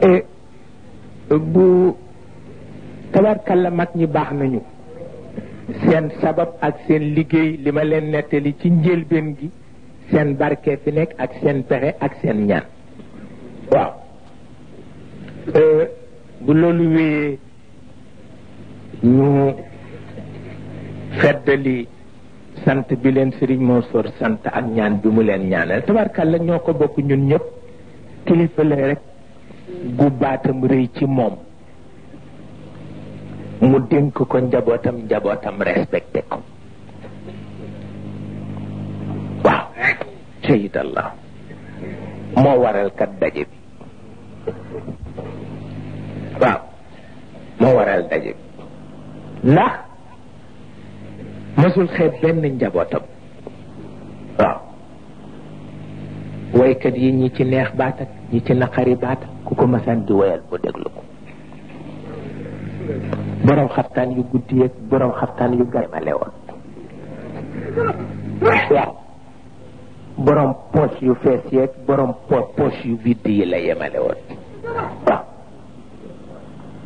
Eh, bu tabarkalla mag ñi baax nañu seen sabab ak seen liggéey li ma leen nettali ci njëlbeen gi seen barke fi nekk ak seen pexe ak seen ñaan waaw eh, bu loolu wéyee ñu feddali sant bi leen moo Mansour sant ak ñaan bi mu leen ñaanal tabarkàlla ñoo ko bokk ñun ñëpp kilifa la rek gu baatam rëy ci moom mu dénk ko njabootam njabootam respecté ko waaw sayidallah moo waralkat kat daje bi waaw moo waral daje bi ndax masul xeeb benn njabootam waaw waykat yi ñi ci neex baat ak ñi ci naqari baat ku ko masaan di woyal mu déglu ko borom xaftaan yu guddi ak borom xaftaan yu garmale woon waaw borom poche yu fees yeeg borom poche yu vidde yi la yemale woon waaw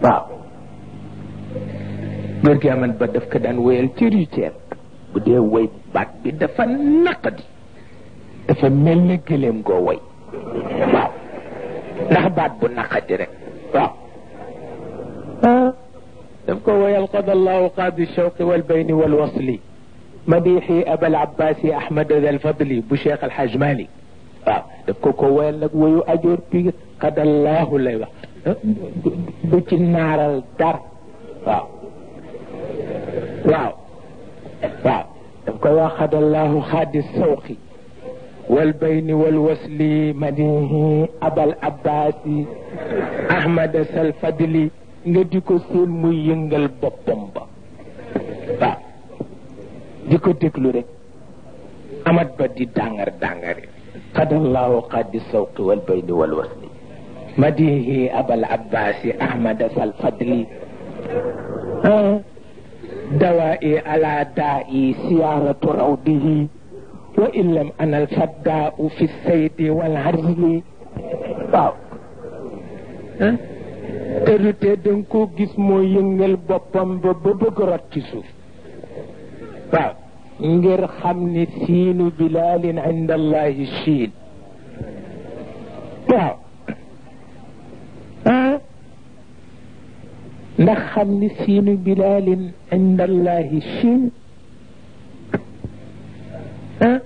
waaw góor gi amal ba daf ko daan woyal cër yu ceeb bu dee woy baat bi dafa naqadi dafa mel ni gëléem goo woy waaw ndax baat bu naqadi rek waaw daf ko woyal qad allahu qaadi shawqi walbayni walwasli مديحي أبا العباس أحمد ذا الفضل بشيخ الحاج مالك waaw daf ko ko woyal nag woyu ajoor bi qad allahu lay wax du ci naaral dar waaw وواخد الله خاد السوق والبين والوسل مديه أبا العباس أحمد سلفدلي نديكو سين مو ينجل بوبم با ديكو ديكلو رك أمد بدي دانغر دانغر قد الله قد السوق والبين والوسل مديه أبا العباس أحمد سلفدلي آه. دوائي على دائي سيارة روضه وإن لم أنا الفداء في السيد والعرض واو تروتي دنكو جسمو مو ينجل بابام بابا كيسوف واو نجر خمني سين بلال عند الله الشين واو ndax xam ni siinu bilaalin inda allahi siin ah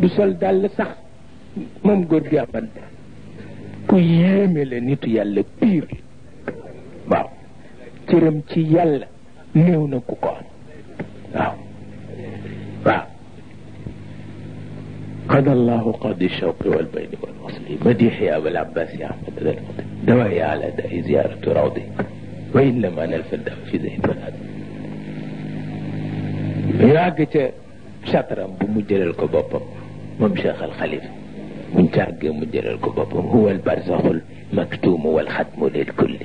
du sol dàll sax moom góor gi amat ku yéeme la nitu yàlla piir waaw cëram ci yàlla néew na ku ko waaw waaw قضى الله قاضي الشوق والبين والوصل مديح يا ابا العباس يا احمد ذا دواء على داء زياره روضي وين ما نلفد في ذهن فلاد يراجت شطرا بمجر الكباب ممشاخ الخليفة من شاق مجر الكباب هو البرزخ المكتوم والختم للكل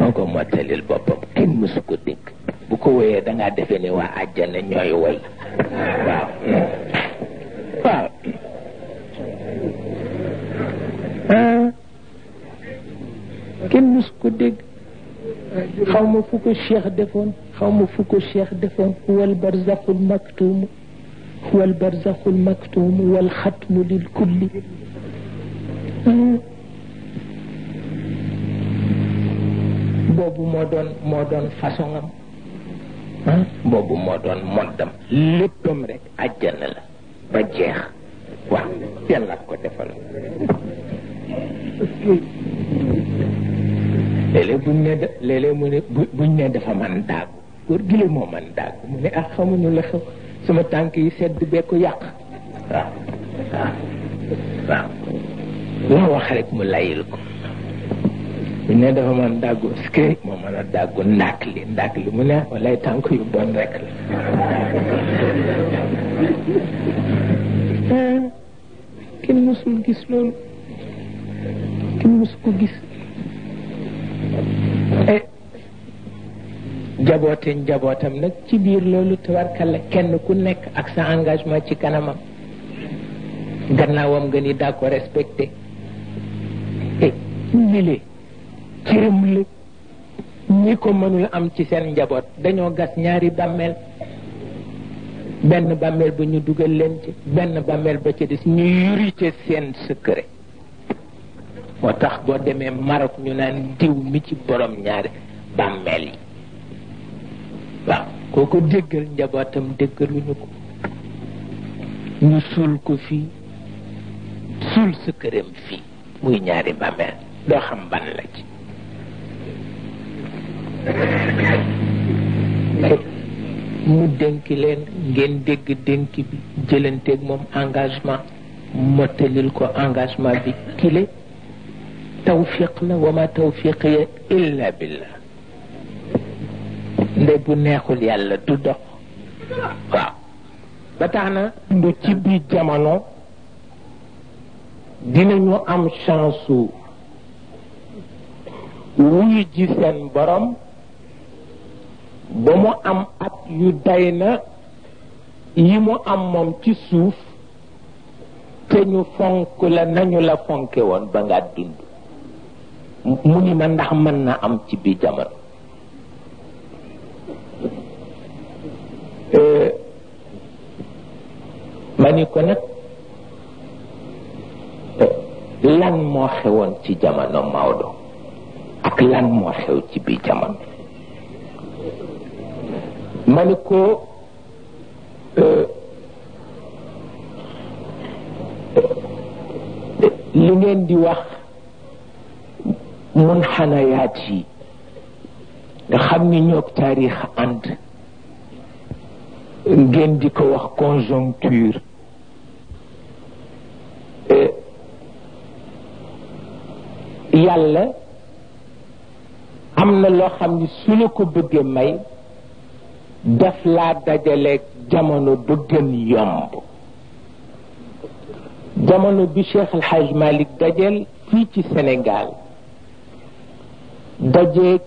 أقوم أتل البابا كم سكوتك بكوية دنع دفني وعجل نيوي واو xawma fu ko cheikh defoon xawma fu ko cheikh defoon wal barzakhul maktum wal barzakhul maktum wal khatm lil kulli bobu mo don mo don façon am bobu mo don moddam léppam rek aljana la ba jeex wa yàlla ko defal léeg buñ ne dafa man daagu góor gi moo man daagu mu ne ak ah, xamuñu la xew sama tànk yi sedd bee ko yàq waaw waaw loo wax rek mu layil ko buñ ne dafa man daagu ski moo mën a daagu ndaak li ndaak li mu ne walaay tànk yu bon rek la ah, kenn mësul gis loolu kenn mësu ko gis jaboote njabootam nag ci biir loolu tabarkalla kenn ku nekk ak sa engagement ci kanamam gannaawam nga ni daa ko respecté e ñile cërëm la ñi ko mënul am ci seen njaboot dañoo gas ñaari bàmmeel benn bàmmeel ba ñu dugal leen ci benn bàmmeel ba ci des ñu yurite seen secret moo tax boo demee Maroc ñu naan diw mi ci borom ñaari bàmmeel yi waaw kooku déggal njabootam déggaluñu ko ñu suul ko fii suul sa këram fii muy ñaari bàmmeel doo xam ban la ci mu dénk leen ngeen dégg dénk bi jëlanteeg moom engagement mottalil ko engagement bi kile tawfiq la wa ma tawfiqiya illa billah ndey bu neexul yàlla du dox waaw ba tax na ndu ci biir jamono dinañu am chance wu wuyu ji seen borom ba mu am at yu day na yi mu am moom ci suuf te ñu fonk la nañu la fonke woon ba nga dund mu ni ma ndax mën na am ci biir jamono ma ni ko nag lan moo xewoon ci jamono Maodo ak lan moo xew ci biir jamono ma ni ko euh, li ngeen di wax mun yi nga xam ni ñoog taarix ànd ngeen di ko wax conjoncture yàlla am na loo xam ni su la ko bëggee may def laa dajaleeg jamono ba gën yomb jamono bi Cheikh El Hadj Malick fii ci Sénégal dajeeg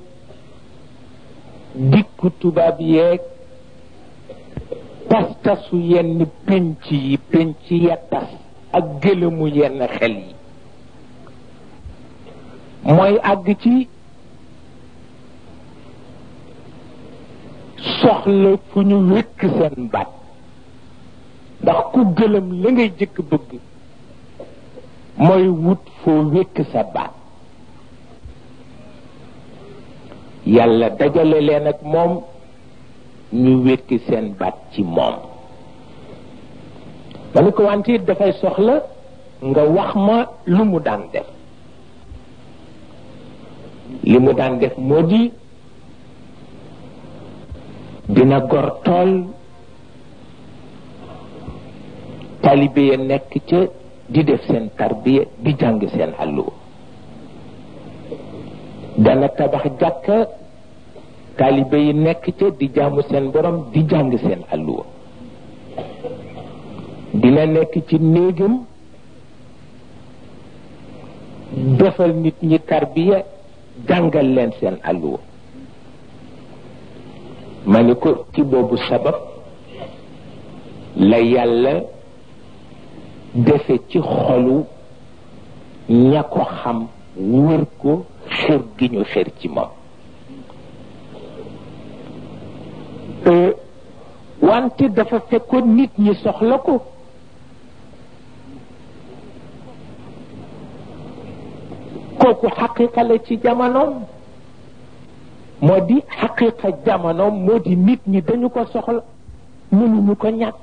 dikku tubaab yeeg tas tasu yenn pénc yi pénc ya tas ak gëlëmu yenn xel yi mooy àgg ci soxla fu ñu wékk seen baat ndax ku gëlëm la ngay jëkk bëgg mooy wut foo wékk sa baat yàlla dajale leen ak moom ñu wékk seen baat ci moom ma ni dafay soxla nga wax ma lu mu daan def li mu daan def moo di dina gor tool taalibe ya nekk ca di def seen tarbiya di jàng seen àlluwa dana tabax jàkka taalibe yi nekk ca di jàmm seen borom di jàng seen àlluwa dina nekk ci néegam defal nit ñi tarbiya jàngal leen seen àlluwa ma ni ko ci boobu sabab la yàlla defe ci xolu ña ko xam wër ko xër gi ñu xër ci moom euh, wante dafa fekkoon nit ñi soxla ko kooku xaqiqa la ci jamonoom moo di xaqiqa jamonoom moo di nit ñi dañu ko soxla mënuñu ko ñàkk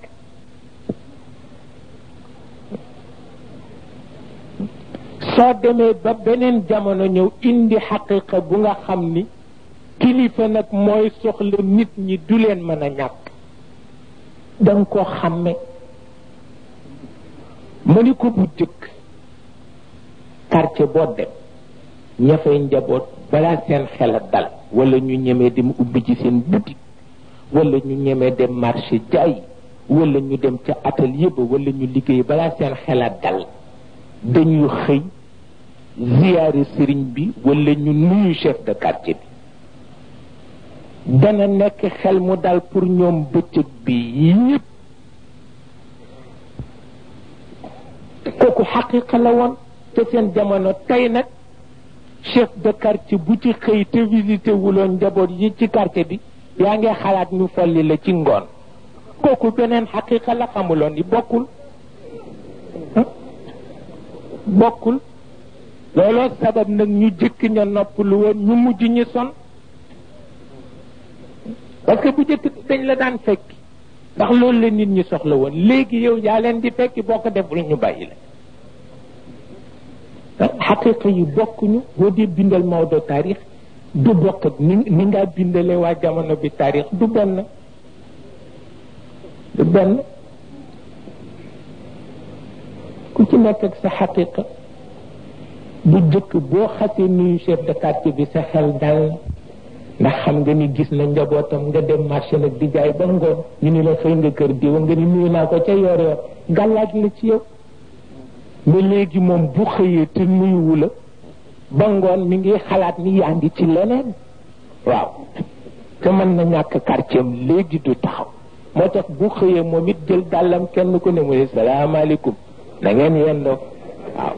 soo demee ba beneen jamono ñëw indi xaqiqa bu nga xam ni kilifa nag mooy soxla nit ñi du leen mën a ñàkk danga ko xàmme mu ni ko bu jëkk quartier boo dem ña fay njaboot balaa seen xel a dal wala ñu ñemee dem ubbi ci seen boutique wala ñu ñemee dem marché jaay wala ñu dem ca atelier ba wala ñu liggéey balaa seen xel a dal dañuy xëy ziyaare sëriñ bi wala ñu nuyu chef de quartier bi dana nekk xel mu dal pour ñoom bëccëg bi yépp kooku xaqiqa la woon te seen jamono tey nag chef de quartier bu ci xëy te visité wuloon njaboot yi ci quartier bi yaa ngi xalaat ñu folli la ci ngoon kooku beneen xaqiqa la xamuloon ni bokkul bokkul looloo sabab nag ñu jëkk ña nopp lu woon ñu mujj ñi son parce que bu jëkk dañ la daan fekki ndax loolu la nit ñi soxla woon léegi yow yaa leen di fekki boo ko deful ñu bàyyi la xaqiqa yi bokkuñu boo dee bindal Maodo taarix du bokk ni ni ngaa bindalee waa jamono bi taarix du benn du benn ku ci nekk ak sa xaqiqa bu jëkk boo xasee nuyu chef de quartier bi sa xel dal ndax xam nga ni gis na njabootam nga dem marché nag di jaay ba ngoon ñu ni la nga kër diwa nga ni nuyu naa ko ca yor yor gàllaaj la ci yow ba léegi moom bu xëyee te nuyuwu la ba ngoon mi ngi xalaat ni yaa ngi ci leneen waaw te mën na ñàkk quartier léegi du taxaw moo tax bu xëyee moom it jël dàllam kenn ko ne mu ne salaamaaleykum na ngeen yendoo waaw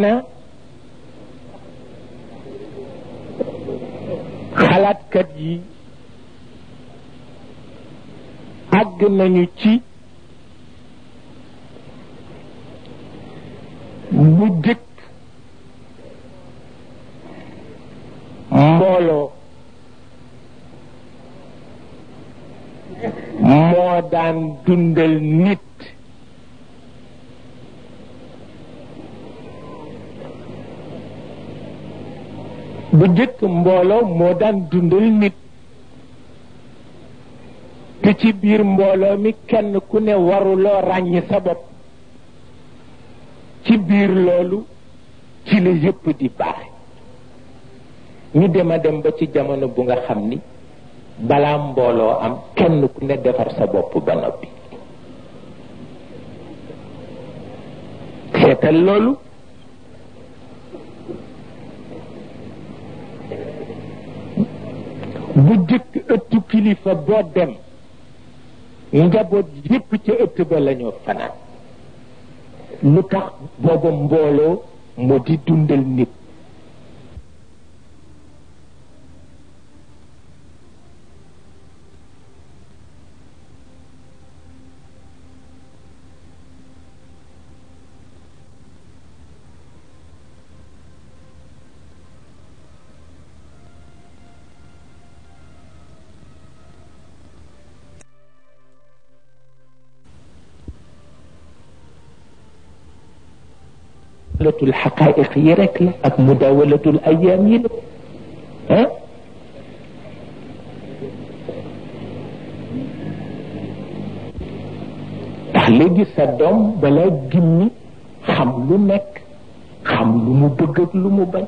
na xalaatkat yi àgg nañu ci bu jëkk mbooloo moo daan dundal nit bu njëkk mbooloo moo daan dundal nit te ci biir mbooloo mi kenn ku ne waruloo ràññi sa bopp ci biir loolu ci la yëpp di baax ñu dem a dem ba ci jamono bu nga xam ni balaa mbooloo am kenn ku ne defar sa bopp ba noppi seetal loolu bu jëkk ëttu kilifa boo dem njaboot yépp ca ëtt ba lañu fanaan lu tax booba mbooloo moo di dundal nit الحقائق يركل أك مداولة الأيام يلك ها تحليجي سادوم بلا جمي خملو نك خملو مبقب لمبان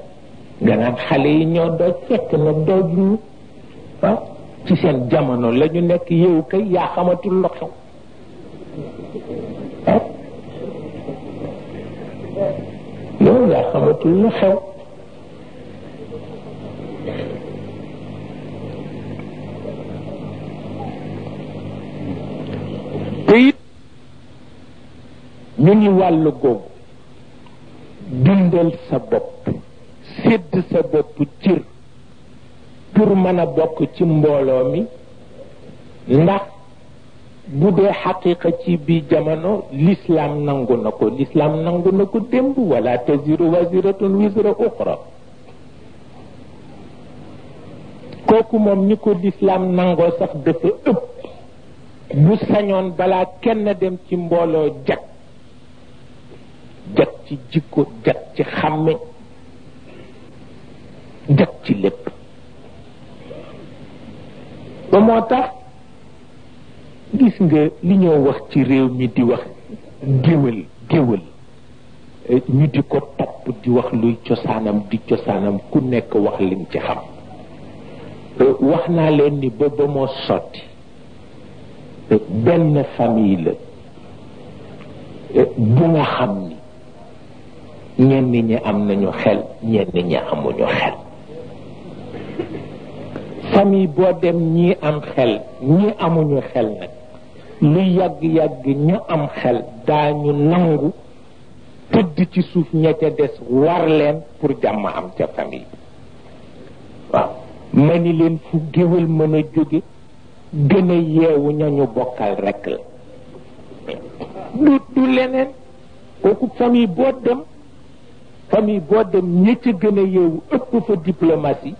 غنان خالي نيو دو تيك نبدو جمي ها ci seen jamono lañu nekk yow kay yaa ها؟ loxo xamatul lu xew te it ñu ngi wàllu googu dundal sa bopp sédd sa bopp cër pour mën a bokk ci mbooloo mi ndax bu dee xaqiqa ci bi jamono l'islam nangu na ko l'islam nangu na ko démb wala taziru waziratun wizra uxra kooku moom ñi ko l'islam nangoo sax dafa ëpp bu sañoon balaa kenn dem ci mbooloo jag jag ci jikko jag ci xàmme jag ci lépp ba moo tax gis nga li ñoo wax ci réew mi di wax géwël géwël eh, ñu di ko topp di wax luy cosaanam di cosaanam ku nekk wax lim ci xam eh, wax naa leen ni ba ba moo sotti eh, benn famille la bu nga xam ni ñenn ñi am nañu xel ñenn ñi amuñu xel famille boo dem ñii am xel ñii amuñu xel nag lu yàgg-yàgg ñu am xel daañu nangu tëdd ci suuf ña ca des war leen pour jàmm am ca famille ma ni leen fu géwél mën a jóge gën a yeewu ñañu bokkal rekk la du du leneen kooku famille boo dem famille boo gën a yeewu ëpp fa diplomatie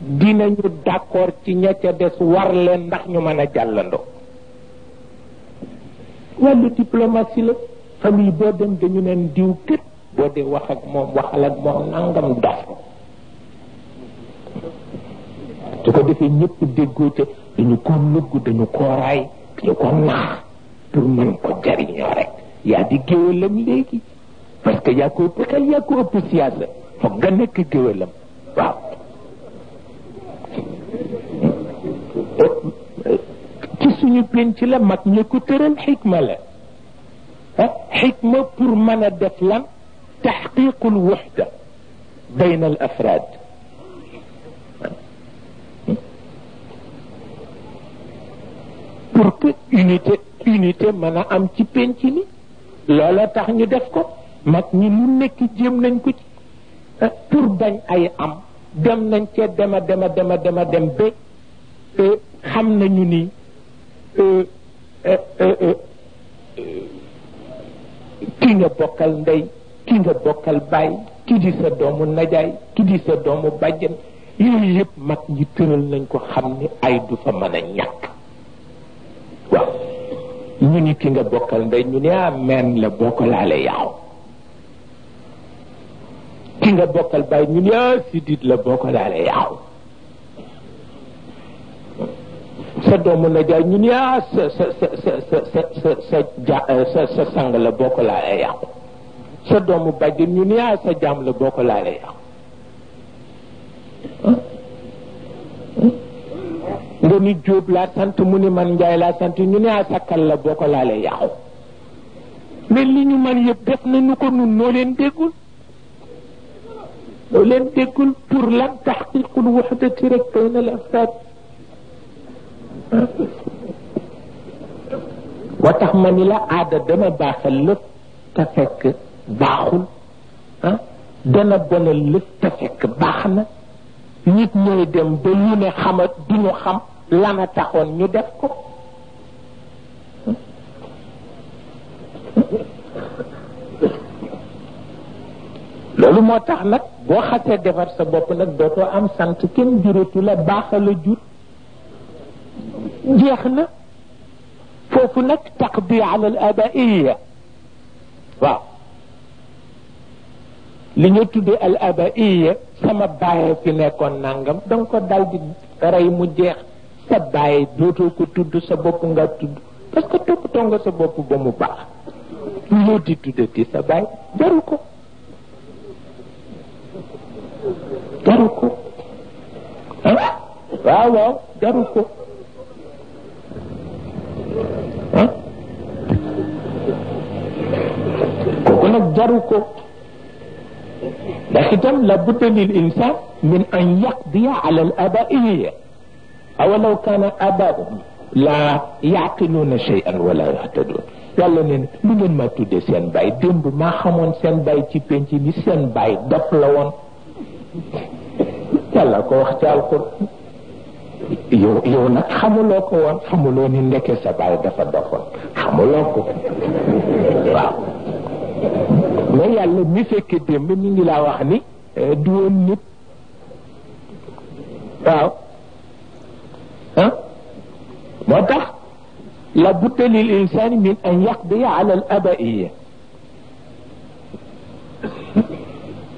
dinañu d'accord ci ña ca des war leen ndax ñu mën a jàllandoo wàllu diplomatie la famille boo dem dañu neen diw kët boo dee wax ak moom waxal ak moom nangam dox su ko defee ñëpp déggoo ca dañu ko nëgg dañu ko raay dañu ko naax pour mën ko jariñoo rek yaa di géwélam léegi parce que yaa ko pexeel yaa ko ëpp siyaasa foog nga nekk géwélam waaw ci suñu penc la mag ña ko tëral xikma la ah xikma pour mën a def lan taxqiqul waxda bayn al pour que unité unité mën am ci penc ni loola tax ñu def ko mag ñi lu nekk jéem nañ ko ci ah, pour bañ ay am dem nañ cee dema dema dema dema dem ba eh, xam nañu ni ki nga bokkal ndey ki nga bokkal baay ki di sa doomu najaay ki di sa doomu bàjjan yooyu yëpp mag ñi tëral nañ ko xam ni ay du fa mën a ñàkk waaw ñu ni ki nga bokkal ndey ñu ne ah meen la boo ko laalee yàqu ki nga bokkal baay ñu ne ah sidit la boo ko laalee yàqu sa doomu na jaay ñu ne ah sa sa sa sa sa sa sa sa eh, sang la boo ko laalee yàqu sa doomu bàjjen ñu ne ah sa jaam la boo ko laalee yàqu nga ni Jóob laa sant mu ni man Njaay laa sant ñu ne ah sakkal la boo ko laalee yàqu mais li ñu man yëpp def nañu ko nun noo leen déggul noo leen déggul pour lan taxqiqul waxdati rek bayna al afraad moo tax ma ni la aada dana baaxal lëf te baaxul ah dana bonal lëf te baax na nit ñooy dem ba lu ne xamat du ñu xam lana taxoon ñu def ko loolu moo tax nag boo xasee defar sa bopp nag dootoo am sant kenn juratu la baaxal a jur jeex na foofu nag taqdi ala al abaiya waaw li ñu tuddee al abaiya sama bàyyi fi nekkoon nangam da nga ko daldi rey mu jeex sa bàyyi dootoo ko tudd sa bopp nga tudd parce que toppatoo nga sa bopp ba mu baax loo di tuddati sa bàyyi jaru ko jaru ko ah? waaw waaw jaru ko kooku nag jaru ko ndax itam la budda lil insan min an yaqdiya ala al abaiya awalaw kana abaahum la yaqiluna shay'an wala yahtadun yàlla ne lu ngeen ma tudde seen bàyyi démb maa xamoon seen bàyyi ci penc bi seen bàyyi dof la woon yàlla ko wax ci alquran yow yow nag xamuloo ko woon xamuloo ni ndekke sa baay dafa doxoon xamuloo ko waaw mais yàlla mi fekke démb mi ngi laa wax ni du woon nit waaw ah moo tax la budda lil insani min an yaqdiya ala al abaiya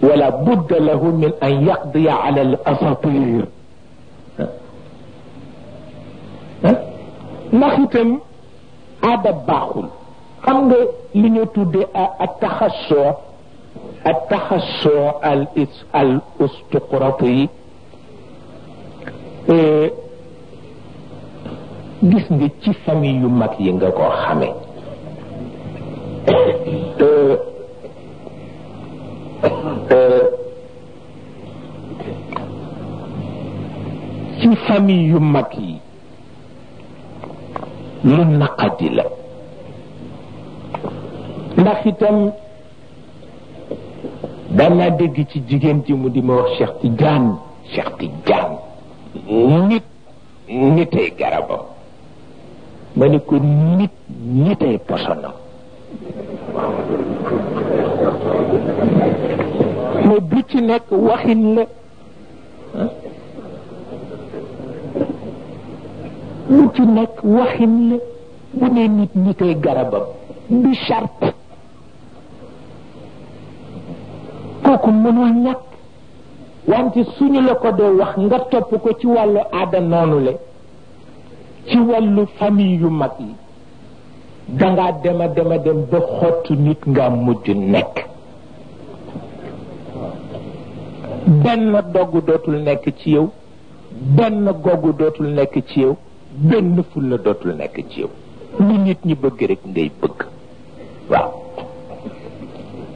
ولا بد له من ان يقضي على الاساطير ndax itam aada baaxul xam nga lu ñu tuddee ak taxasoo ak taxasoo al is al ustuqrat yi eh, gis nga ci famille yu mag yi nga ko xamee eh, eh, ci famille yu mag yi lu naqadi la ndax itam daan dégg ci jigéen ji mu di ma wax Cheikh Tidiane Cheikh Tidiane nit nitay garabam ma ne ko nit nitay posonam mais bu ci nekk waxin la lu ci nekk waxin bu ne nit ñi garabam du charte kooku mënul ñàkk wante suñu la ko dee wax nga topp ko ci wàllu aada noonu le ci wàllu famille yu mag yi dangaa dema dema dem ba xottu nit nga mujj nekk benn dogg dootul nekk ci yow benn gogg dootul nekk ci yow benn ful dootul nekk ci yow lu nit ñi bëgg rek ngay bëgg waaw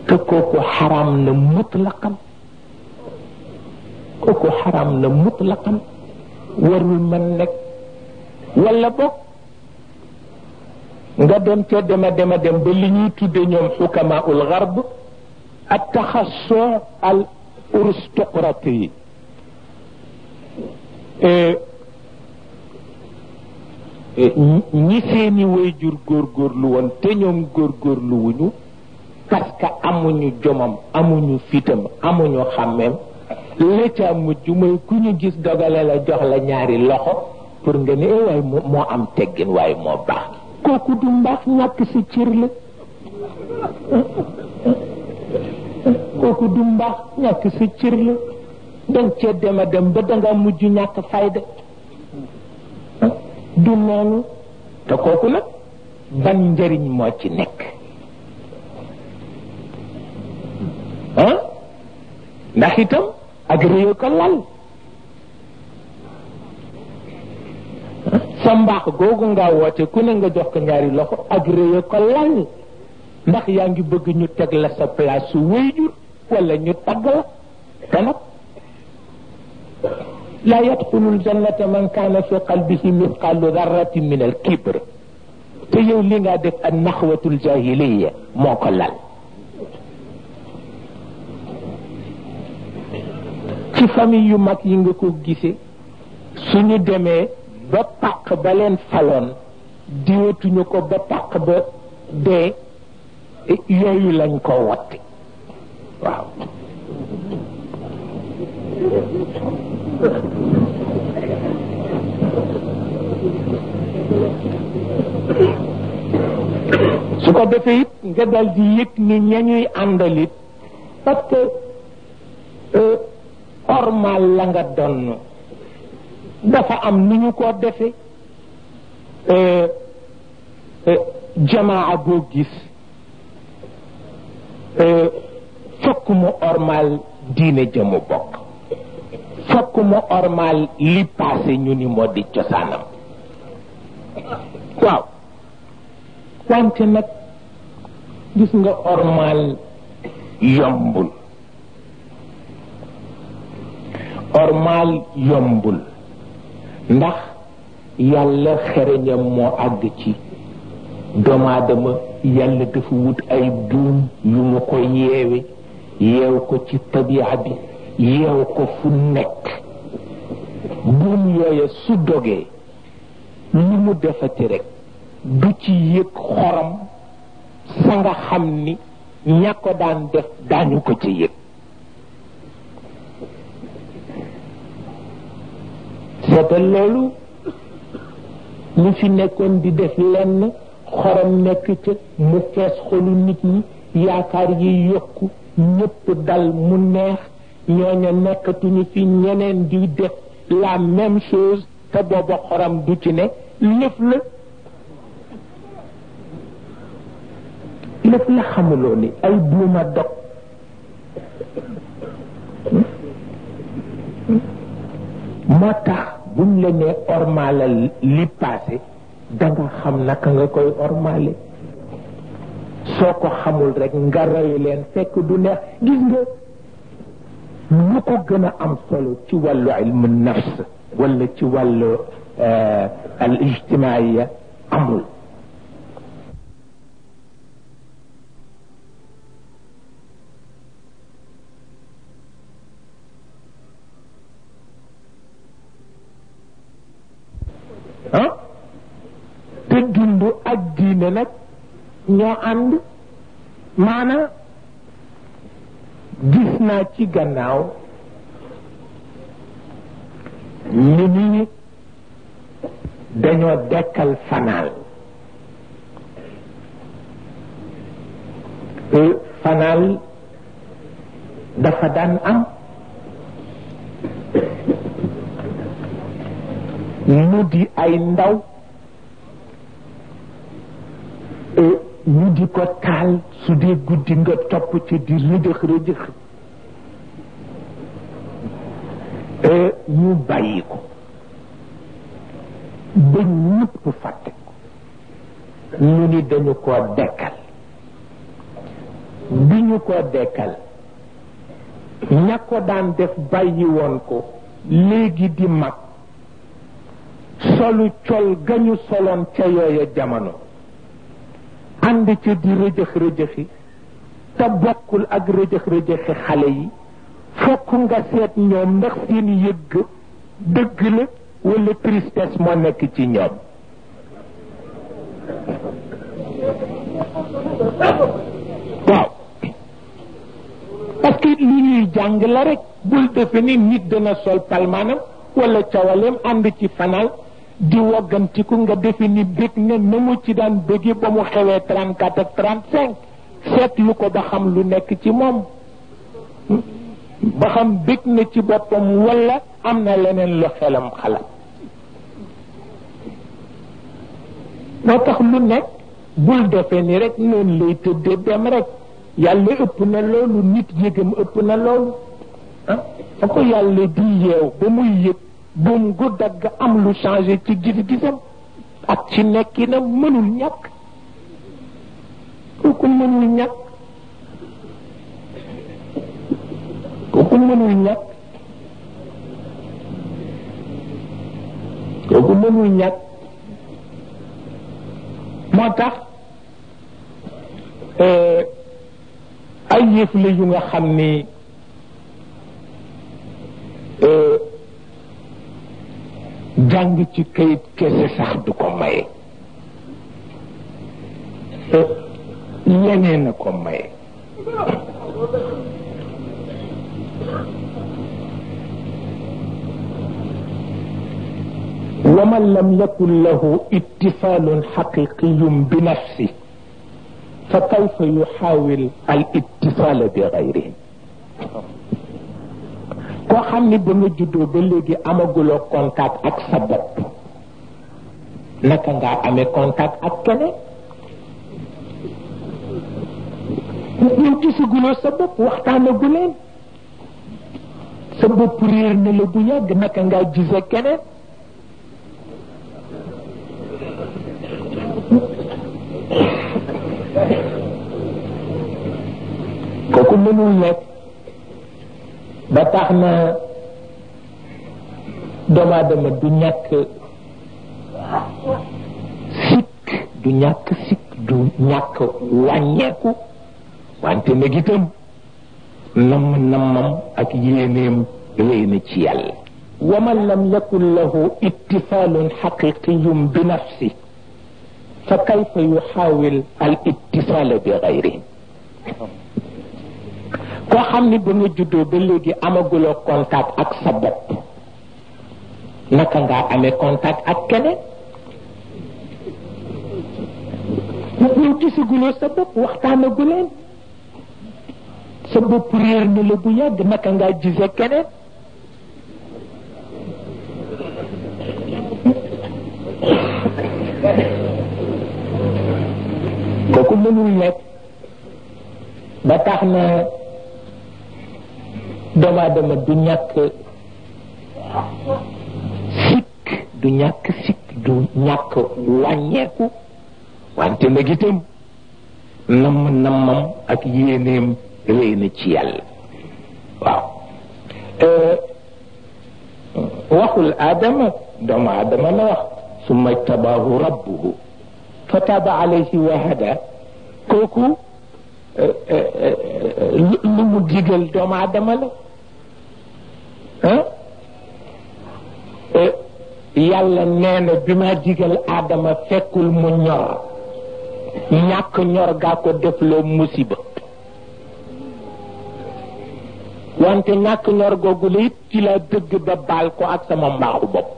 te kooku xaram na mutlaqan kooku xaram na mutlaqan warul mën nekk wala bokk nga dem ca dema dema dem ba li ñuy tudde ñoom xukamaa ul garb ak taxassoo al aristocratie yi eh, Eh, mm-hmm. ñi seeni waajur góorgóorlu woon te ñoom góor góorluwuñu parce que amuñu jomam amuñu fitam amuñu xàmmeem la ca mujj mooy ku ñu gis dogale la jox la ñaari loxo pour nga ne eh, waaye moo am teggin waaye moo baax kooku du mbaax ñàkk si cër kooku du mbaax ñàkk si cër la cee dem dem ba danga mujj ñàkk fayda du noonu te kooku nag ban njariñ moo ci nekk ah ndax itam ak réew ko lal sa mbaax googu nga woote ku ne nga jox ko ñaari loxo ak réew ko lal ndax yaa ngi bëgg ñu teg la sa place su wéyjur wala ñu tagg la te laa yadxulul jannata man kaana fi qalbihi mithqaalu darratin min al kibr te yow li nga def ak naxwatul jahiliya moo ko lal ci famille yu mag yi nga ko su ñu demee ba pàq ba leen faloon diwatuñu ko ba pàq ba dee yooyu lañ ko watte waaw su ko defee it nga dal di yëg ni ñañuy àndalit parce que euh, la nga donn dafa am nu ñu ko defe euh, euh, jamaa boo gis fokk mu ormal diine jëmu bokk fokk mu ormaal li passé ñu ni moo di cosaanam waaw wante nag gis nga ormaal yombul ormaal yombul ndax yàlla xereñam moo àgg ci doomu aadama yàlla dafa wut ay buum yu mu ko yeewe yeew ko ci tabiya bi yeew ko fu nekk buum yooya su dogee lu mu defati du ci yëg xorom sa nga xam ni ña ko daan def daañu ko ci yëg seetal loolu ñu fi nekkoon di def lenn xorom nekk ca mu fees xolu nit ñi yaakaar yi yokku ñëpp dal mu neex ñooña nekkatuñu fi ñeneen di def la même chose te booba xoram du ci ne lëf la lëf la xamuloo ni ay buuma dog moo tax buñ la nee ormalal li passé danga xam naka nga koy ormale soo ko xamul rek nga reyu leen fekk du neex gis nga lu ko gën a am solo ci wàllu ilmu nafs wala ci wàllu al ijtimaaya amul ah te dund ak diine nag ñoo ànd maanaam gis naa ci gannaaw ni nii dañoo dekkal fanal fanal dafa daan am mu di ay ndaw ñu di ko taal su dee guddi nga topp ci di rëjëx rëjëx ñu bàyyi ko ba ñëpp fàtte ko ñu ni dañu ko dekkal bi ñu ko dekkal ña ko daan def bàyyi woon ko léegi di mag solu col gañu soloon ca yooya jamono ànd ca di rëjëx rëjëxi te bokkul ak rëjëx rëjëxi xale yi fokk nga seet ñoom ndax seen yëgg dëgg la wala tristesse moo nekk ci ñoom waaw parce que lu ñuy jàng la rek bul defe nit dana sol palmaanam wala cawaleem ànd ci fanal di woggantiku nga defe ni bég na mu ci daan bégi ba mu xewee 34 ak 35 seet lu ko ba xam lu nekk ci moom ba xam bég na ci boppam walla am na leneen lu xelam xalaat moo tax lu nekk bul defee ni rek noonu lay tëddee dem rek yàlla ëpp na loolu nit yëgam ëpp na loolu ah fa ko yàlla di yeew ba muy yëg buum gu dagg am lu changé ci gis-gisam ak ci nekkinam mënul ñàkk kooku mënul ñàkk kooku mënul ñàkk kooku mënul ñàkk moo tax eh, ay yëf la yu xam ni jàng ci kayit kese sax du ko maye leneen a ko maye ومن لم يكن له اتصال حقيقي بنفسه فكيف يحاول الاتصال بغيره koo xam ni ba nga juddoo ba léegi amaguloo contact ak sa bopp naka ngaa amee contact ak keneen yow gisaguloo sa bopp waxtaanagu sa bopp réer na la bu yàgg naka ngaa gise keneen kooku mënul nekk ba tax na doomu adama du ñàkk sikk du ñàkk sikk du ñàkk wàññeeku wante nag itam namm nammam ak yéeneem rëy na ci yàlla ومن لم يكن له اتصال حقيقي بنفسه فكيف يحاول الاتصال بغيره koo xam ni ba nga juddoo ba léegi amaguloo contact ak sa bopp naka ngaa amee contact ak keneen yow gisaguloo sa bopp waxtaanagu sa bopp réer ni la bu yàgg naka ngaa gisee keneen kooku mënul nekk ba tax na doomu aadama du ñàkk sikk du ñàkk sikk du wante nag itam nammam ak yéeneem réy na ci yàlla waaw euh, waxul aadama doomu wax summa tabaahu rabbuhu fa taaba alayhi wa hada lu mu digal doomu aadama la yàlla nee na bi ma digal aadama fekkul mu ñor ñàkk ñor gaa ko defloo musiba wante ñàkk ñor googu la it ci la dëgg ba baal ko ak sama mbaaxu bopp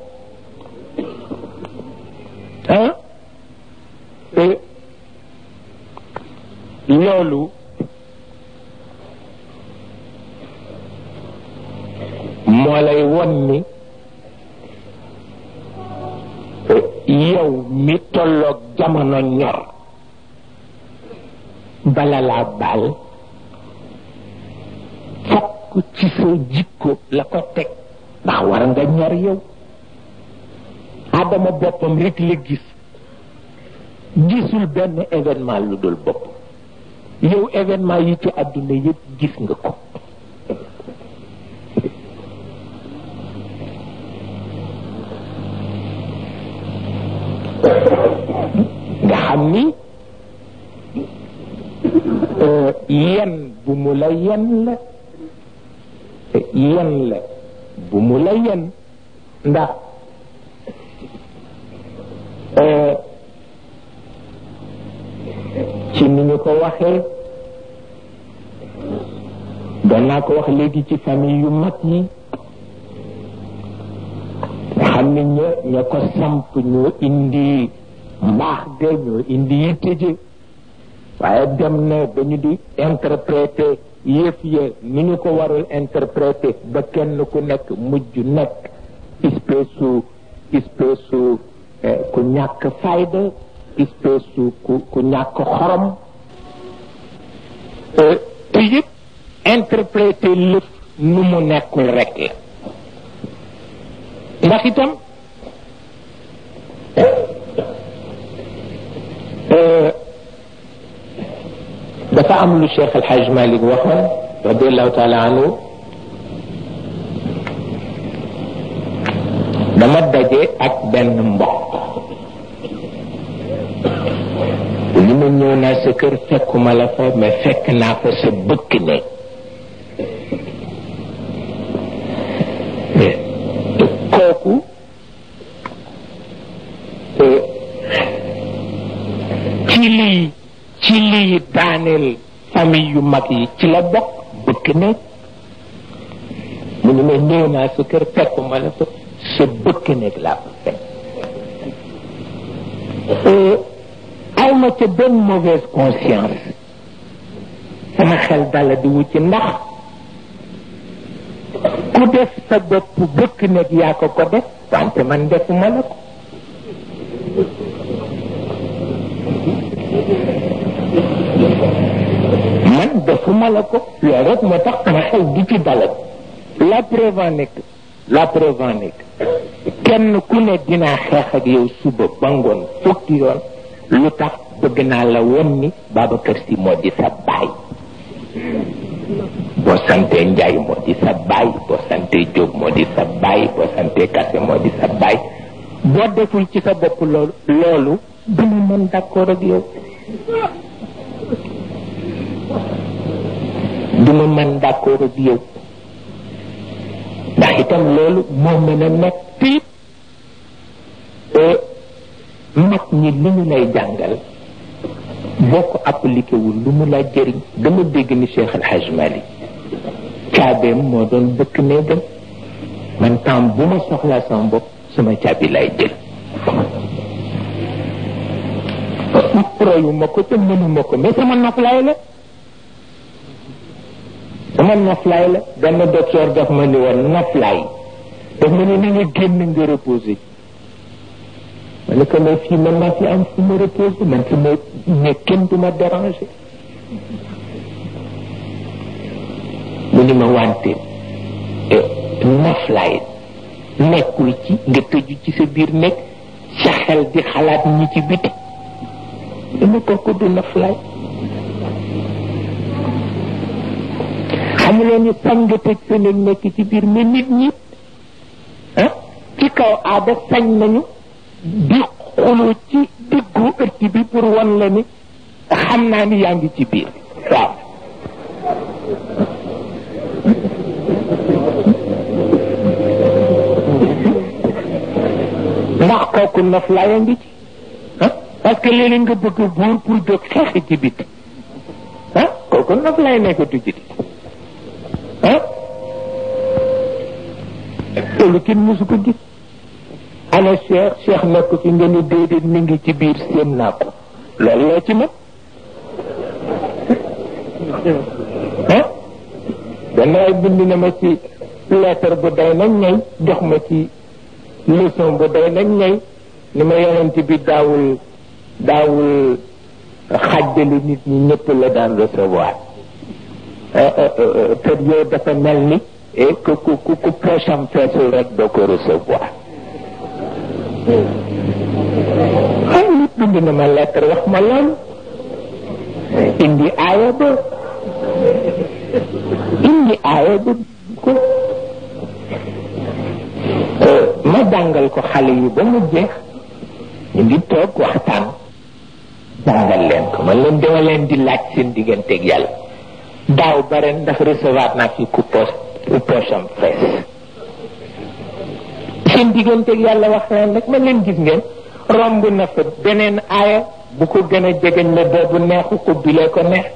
loolu moo lay won ni yow mi tolloog jamono ñor bala laa baal fokk ci sa jikko la ko teg ndax war nga ñor yow adama boppam rek la gis gisul benn événement lu dul bopp yow événement yi ci àdduna yëpp gis nga ko nga xam ni euh, yen bu mu la yen la la bu mu la yen ndax euh, ko waxee doon ko wax léegi ci famille yu mag yi nga xam ne ña ña ko samp ñoo indi mbaax ga ñoo indi yitte waaye dem na dañu di interpréter yëf ya ni ñu ko warul interpréter ba kenn ku nekk mujj nekk espèce su eh, ku ñàkk fayda espèce ku ñàkk xorom te yëpp interpréter lëf nu mu nekkul rek la ndax itam dafa am lu cheikh alhaj malik waxoon radiallahu taala anhu dama daje ak benn mbokk ñëw sa kër fekkuma la fa mais fekk naa fa sa bëkk ne kooku ci lii ci lii daaneel famille yu mag yi ci la bokk bëkk ne mu ne ma ñëw sa kër fekkuma la fa sa bëkk ne laa de mauvaise conscience sama xel dala di wu ndax ku def sa bopp bëkk nekk yaa ko def wante man defuma la ko man la ko rek la preuve la preuve ku ne ak yow ba bëgg naa la woon ni Babacar moo di sa baay boo santee Njaay moo di sa baay boo santee Kase moo di sa baay boo deful ci sa bopp loolu loolu duma mën d'accord ak yow duma mën d'accord ak yow ndax itam loolu moo mën a nekk tiit mag ñi li ñu lay jàngal boo ko appliqué wul lu mu laaj jëriñ dama dégg ni Cheikh El caabeem moo doon bëkk néegam man temps bu ma soxlaa sama bopp sama caabi laay jël royuma ko te mënuma ko mais sama noflaay la sama noflaay la ma ni woon noflaay daf ma ni na nga génn nga reposé ma ne ko mais fii man maa fi am fu ma reposé man fi ma mais kenn du ma déranger ni ma wante e naflaay nekkul ci nga tëju ci sa biir nekk sa xel di xalaat ñi ci biti dama kooku du naflaay xam nga ni sañ nga tëj sa néeg nekk ci biir mais nit ñi ah, ci kaw aada sañ nañu di xooloo ci diggu ëtt e bi pour wan la ni xam naa ni yaa ngi ci biir waaw ndax kooku naf laa yaa ngi ci parce que léeg nga bëgg a buur pour jóg xeexi ci bit ah kooku nof laay nekkatu ci ah loolu kenn mosu ko gis ana cheikh cheikh na ko fi nga ni déedéet mi ngi ci biir séen naa ko loolu loo ci mën ah danaa bind na ma ci lettre bu day nag ñay jox ma ci leçon bu day nag ñay ni ma yonent bi daawul daawul xàjjale nit ñi ñëpp la daan recevoir te dafa mel ni eh, ku ku ku pocham feesul rek doo ko recevoir xëy na bind na ma lettre wax ma lool indi aaya ba indi aaya ba ko ma jàngal ko xale yi ba mu jeex ñu toog waxtaan jàngal leen ko man leen dama leen di laaj seen digganteeg yàlla daaw bare ndax recevoir naa fi ku poche ku poche am fees digganteeg yàlla waxtaan rek ma leen gis ngeen romb na fa beneen aaya bu ko gën a jegeñ la boobu neexu ko bilee ko neex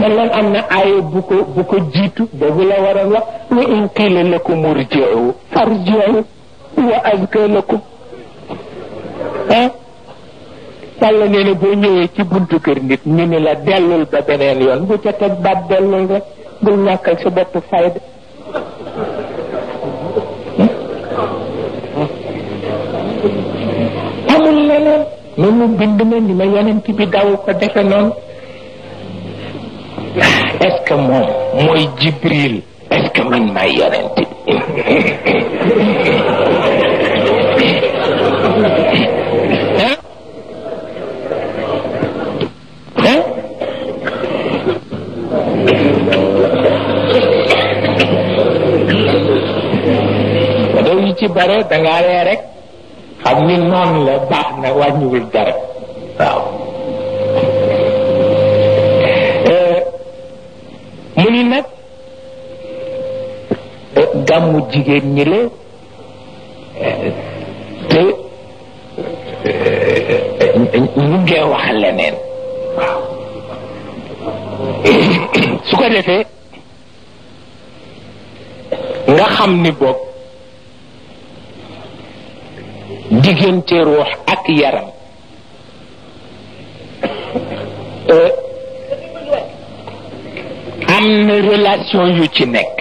man leen am na aaya bu ko bu ko jiitu boobu la waroon wax wa in qiila lakum urji'u farji'u wa azka lakum ah yàlla nee boo ñëwee ci buntu kër nit ñu ni la dellul ba beneen yoon bu ca teg baat dellul rek bul ñàkkal sa bopp fayda amul leneen noonu bind na ni la yonent bi daaw ko defe noonu est moom mooy jibril est-ce que man maay yonent bi ci bare dangaa ree rek xam ni noonu la baax na wàññiwul dara waaw eh, mu ni nag eh, gàmmu jigéen ñi la eh, te ñu ngee su ko defee nga xam ni bopp diggante ruux ak yaram eh, am na relation yu ci nekk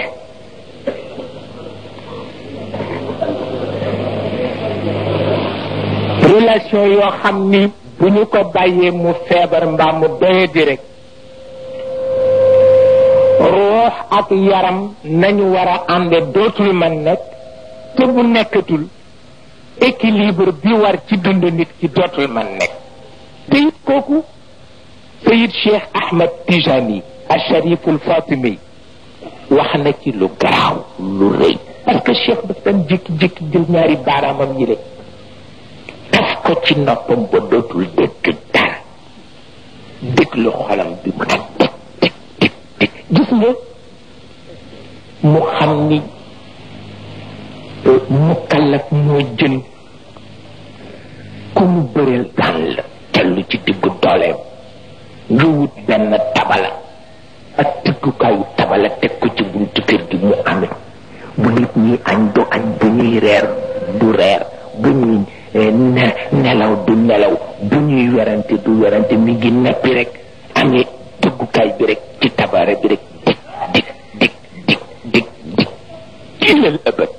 relation yoo xam ni bu ñu ko bàyyee mu feebar mbaa mu doyadi rek ruux ak yaram nañu war a ànde dootul ma nekk te nekkatul équilibre bi war ci dund nit ki dootul man nekk te it kooku sayid ahmed tijani ashariful fatimi wax na ci lu garaaw lu rëy parce que cheikh daf daan jékki-jékki ñaari baaraamam yi le taf ko ci noppam ba dootul dégg dara déglu xolam bi mu naan teg teg mu xam mukallaf moo jën ku mu bëreel daan la tellu ci diggu dooleem nga wut benn tabala ak tiggukaayu tabala teg ko ci buntu kër gi mu ame bu nit ñi añ du añ bu ñuy reer du reer bu ñuy eh, nelaw du nelaw bu ñuy werante du werante mi ngi neppi rek amee tëggukaay bi rek ci tabara bi rek dik dik dik dik dik ilal abad